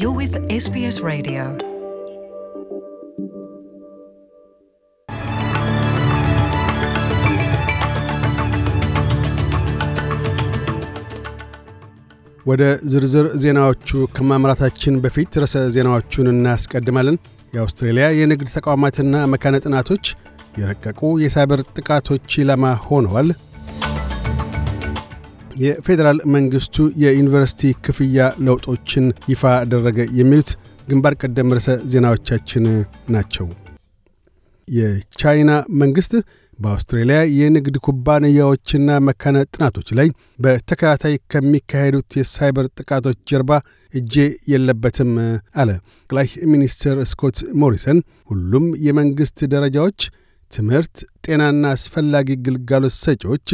You're with SBS Radio. ወደ ዝርዝር ዜናዎቹ ከማምራታችን በፊት ርዕሰ ዜናዎቹን እናስቀድማለን። የአውስትሬልያ የንግድ ተቋማትና መካነ ጥናቶች የረቀቁ የሳይበር ጥቃቶች ኢላማ ሆነዋል። የፌዴራል መንግስቱ የዩኒቨርስቲ ክፍያ ለውጦችን ይፋ አደረገ የሚሉት ግንባር ቀደም ርዕሰ ዜናዎቻችን ናቸው። የቻይና መንግሥት በአውስትሬልያ የንግድ ኩባንያዎችና መካነ ጥናቶች ላይ በተከታታይ ከሚካሄዱት የሳይበር ጥቃቶች ጀርባ እጄ የለበትም አለ። ጠቅላይ ሚኒስትር ስኮት ሞሪሰን ሁሉም የመንግሥት ደረጃዎች ትምህርት፣ ጤናና አስፈላጊ ግልጋሎት ሰጪዎች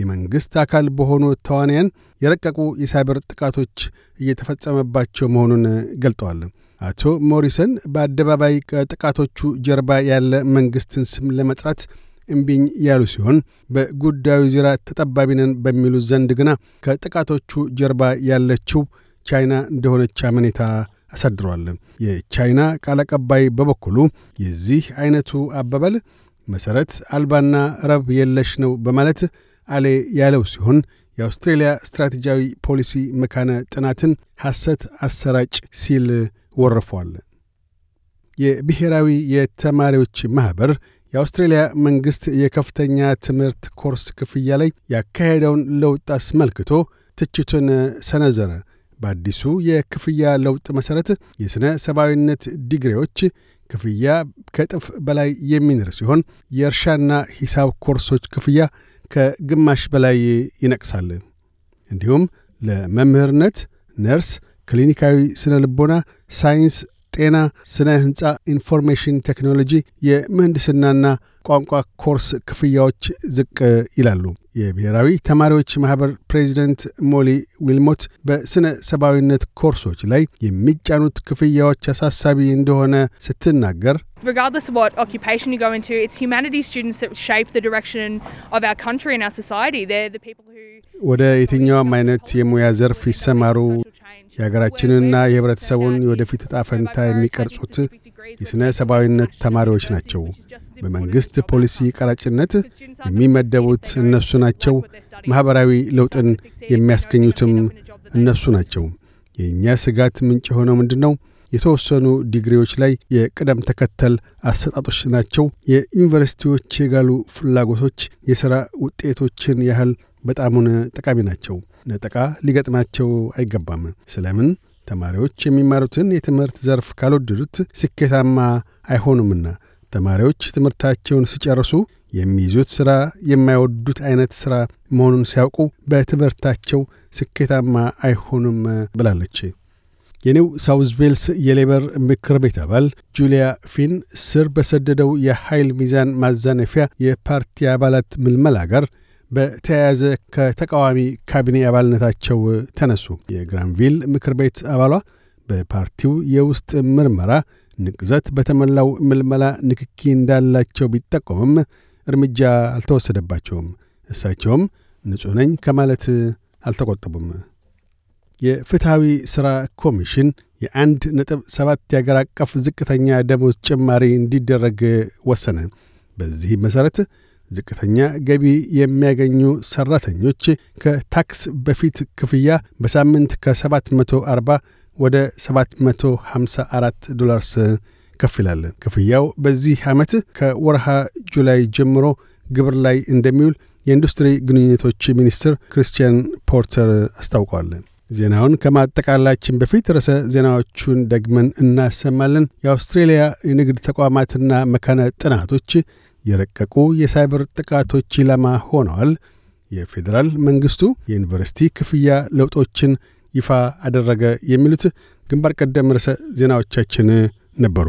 የመንግሥት አካል በሆኑ ተዋንያን የረቀቁ የሳይበር ጥቃቶች እየተፈጸመባቸው መሆኑን ገልጠዋል። አቶ ሞሪሰን በአደባባይ ከጥቃቶቹ ጀርባ ያለ መንግሥትን ስም ለመጥራት እምቢኝ ያሉ ሲሆን በጉዳዩ ዙሪያ ተጠባቢነን በሚሉ ዘንድ ግና ከጥቃቶቹ ጀርባ ያለችው ቻይና እንደሆነች አመኔታ አሳድሯል። የቻይና ቃል አቀባይ በበኩሉ የዚህ አይነቱ አባባል መሠረት አልባና ረብ የለሽ ነው በማለት አሌ ያለው ሲሆን የአውስትሬልያ ስትራቴጂያዊ ፖሊሲ መካነ ጥናትን ሐሰት አሰራጭ ሲል ወርፏል። የብሔራዊ የተማሪዎች ማኅበር የአውስትሬልያ መንግሥት የከፍተኛ ትምህርት ኮርስ ክፍያ ላይ ያካሄደውን ለውጥ አስመልክቶ ትችቱን ሰነዘረ። በአዲሱ የክፍያ ለውጥ መሠረት የሥነ ሰብአዊነት ዲግሪዎች ክፍያ ከጥፍ በላይ የሚንር ሲሆን የእርሻና ሂሳብ ኮርሶች ክፍያ ከግማሽ በላይ ይነቅሳል። እንዲሁም ለመምህርነት፣ ነርስ፣ ክሊኒካዊ ስነ ልቦና ሳይንስ ጤና፣ ስነ ህንፃ፣ ኢንፎርሜሽን ቴክኖሎጂ፣ የምህንድስናና ቋንቋ ኮርስ ክፍያዎች ዝቅ ይላሉ። የብሔራዊ ተማሪዎች ማህበር ፕሬዚደንት ሞሊ ዊልሞት በስነ ሰብአዊነት ኮርሶች ላይ የሚጫኑት ክፍያዎች አሳሳቢ እንደሆነ ስትናገር ወደ የትኛውም አይነት የሙያ ዘርፍ ይሰማሩ የሀገራችንና የህብረተሰቡን የወደፊት ጣፈንታ ፈንታ የሚቀርጹት የሥነ ሰብአዊነት ተማሪዎች ናቸው። በመንግሥት ፖሊሲ ቀራጭነት የሚመደቡት እነሱ ናቸው። ማኅበራዊ ለውጥን የሚያስገኙትም እነሱ ናቸው። የእኛ ስጋት ምንጭ የሆነው ምንድን ነው? የተወሰኑ ዲግሪዎች ላይ የቅደም ተከተል አሰጣጦች ናቸው። የዩኒቨርሲቲዎች የጋሉ ፍላጎቶች የሥራ ውጤቶችን ያህል በጣሙን ጠቃሚ ናቸው። ነጠቃ ሊገጥማቸው አይገባም። ስለምን? ተማሪዎች የሚማሩትን የትምህርት ዘርፍ ካልወደዱት ስኬታማ አይሆኑምና። ተማሪዎች ትምህርታቸውን ሲጨርሱ የሚይዙት ሥራ የማይወዱት አይነት ሥራ መሆኑን ሲያውቁ በትምህርታቸው ስኬታማ አይሆኑም ብላለች። የኒው ሳውዝ ዌልስ የሌበር ምክር ቤት አባል ጁሊያ ፊን ስር በሰደደው የኃይል ሚዛን ማዛነፊያ የፓርቲ አባላት ምልመላ ጋር በተያያዘ ከተቃዋሚ ካቢኔ አባልነታቸው ተነሱ። የግራንቪል ምክር ቤት አባሏ በፓርቲው የውስጥ ምርመራ ንቅዘት በተሞላው ምልመላ ንክኪ እንዳላቸው ቢጠቆምም እርምጃ አልተወሰደባቸውም። እሳቸውም ንጹሕ ነኝ ከማለት አልተቆጠቡም። የፍትሐዊ ሥራ ኮሚሽን የአንድ ነጥብ ሰባት የአገር አቀፍ ዝቅተኛ ደሞዝ ጭማሪ እንዲደረግ ወሰነ። በዚህም መሠረት ዝቅተኛ ገቢ የሚያገኙ ሠራተኞች ከታክስ በፊት ክፍያ በሳምንት ከ740 ወደ 754 ዶላርስ ከፍ ይላል። ክፍያው በዚህ ዓመት ከወርሃ ጁላይ ጀምሮ ግብር ላይ እንደሚውል የኢንዱስትሪ ግንኙነቶች ሚኒስትር ክሪስቲያን ፖርተር አስታውቋል። ዜናውን ከማጠቃላችን በፊት ርዕሰ ዜናዎቹን ደግመን እናሰማለን። የአውስትሬልያ የንግድ ተቋማትና መካነ ጥናቶች የረቀቁ የሳይበር ጥቃቶች ኢላማ ሆነዋል። የፌዴራል መንግስቱ የዩኒቨርሲቲ ክፍያ ለውጦችን ይፋ አደረገ። የሚሉት ግንባር ቀደም ርዕሰ ዜናዎቻችን ነበሩ።